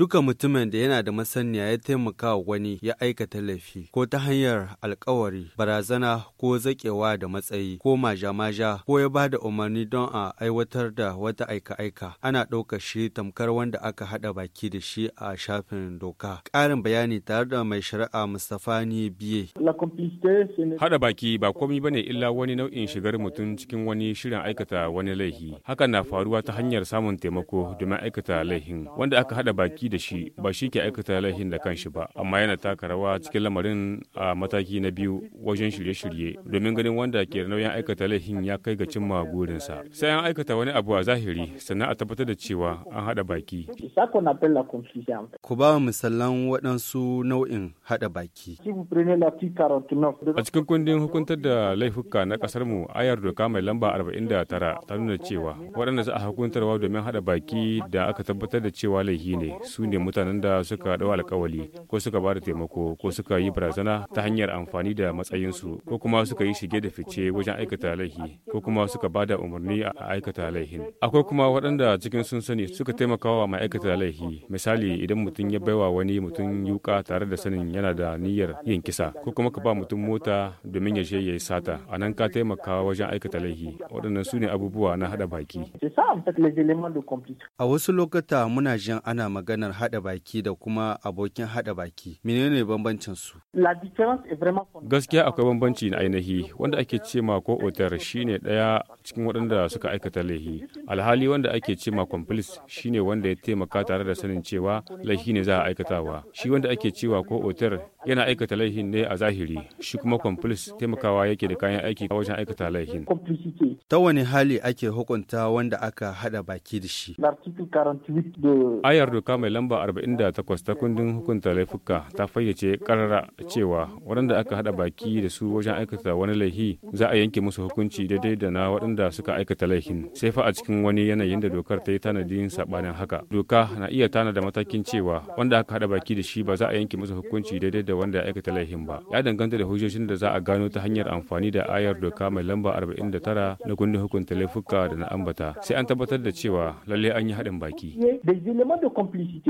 Duka mutumin da yana da masaniya ya taimaka wa wani ya aikata laifi ko ta hanyar alkawari, barazana ko zakewa da matsayi ko majamaja ko ya ba da umarni don a aiwatar da wata aika-aika ana ɗaukar shi tamkar wanda aka haɗa baki da shi a shafin doka. Ƙarin bayani tare da mai shari'a Mustapha ni biye. Haɗa baki ba komai bane illa wani nau'in shigar mutum cikin wani shirin aikata wani laifi. Hakan na faruwa ta hanyar samun taimako domin aikata laifin wanda aka haɗa baki da shi ba shi ke aikata laihin da kanshi ba amma yana taka rawa cikin lamarin a mataki na biyu wajen shirye-shirye domin ganin wanda ke nauyin aikata laifin ya kai ga cimma burinsa sai an aikata wani abu a zahiri sannan a tabbatar da cewa an haɗa baki. Ku ba misalan waɗansu nau'in haɗa baki. A cikin kundin hukuntar da laifuka na kasar mu ayar doka mai lamba 49 ta nuna cewa waɗanda za a hukuntarwa domin haɗa baki da aka tabbatar da cewa laifi ne su ne mutanen da suka dau alkawali ko suka ba da taimako ko suka yi barazana ta hanyar amfani da matsayinsu ko kuma suka yi shige da fice wajen aikata laihi ko kuma suka ba da umarni a aikata laihin akwai kuma waɗanda cikin sun sani suka taimaka wa ma'aikata laihi misali idan mutum ya baiwa wani mutum yuka tare da sanin yana da niyyar yin kisa ko kuma ka ba mutum mota domin ya je ya yi sata a nan ka taimaka wajen aikata laihi waɗannan su ne abubuwa na haɗa baki a wasu lokuta muna jin ana magana wannan hada baki da kuma abokin hada baki. Menene bambancin su? Gaskiya akwai bambanci na ainihi wanda ake ma ko otar shine daya cikin waɗanda suka aikata laifi Alhali wanda ake cema complice shine wanda ya taimaka tare da sanin cewa laifi ne za a aikatawa. Shi wanda ake cewa ko otar yana aikata laihin ne a zahiri shi kuma complice taimakawa yake da kayan aiki wajen aikata laihin. ta wani hali ake hukunta wanda aka hada baki da shi ayar doka mai lamba 48 ta kundin hukunta laifuka ta fayyace karara cewa waɗanda aka hada baki da su wajen aikata wani laifi za a yanke musu hukunci daidai da na waɗanda suka aikata laifin sai fa a cikin wani yanayin da dokar ta yi tanadin sabanin haka doka na iya tanada matakin cewa wanda aka hada baki da shi ba za a yanke musu hukunci daidai da wanda ya aikata laifin ba ya danganta da hujjojin da za a gano ta hanyar amfani da ayar doka mai lamba 49 na kundin hukunta laifuka da na ambata sai an tabbatar da cewa lalle an yi haɗin baki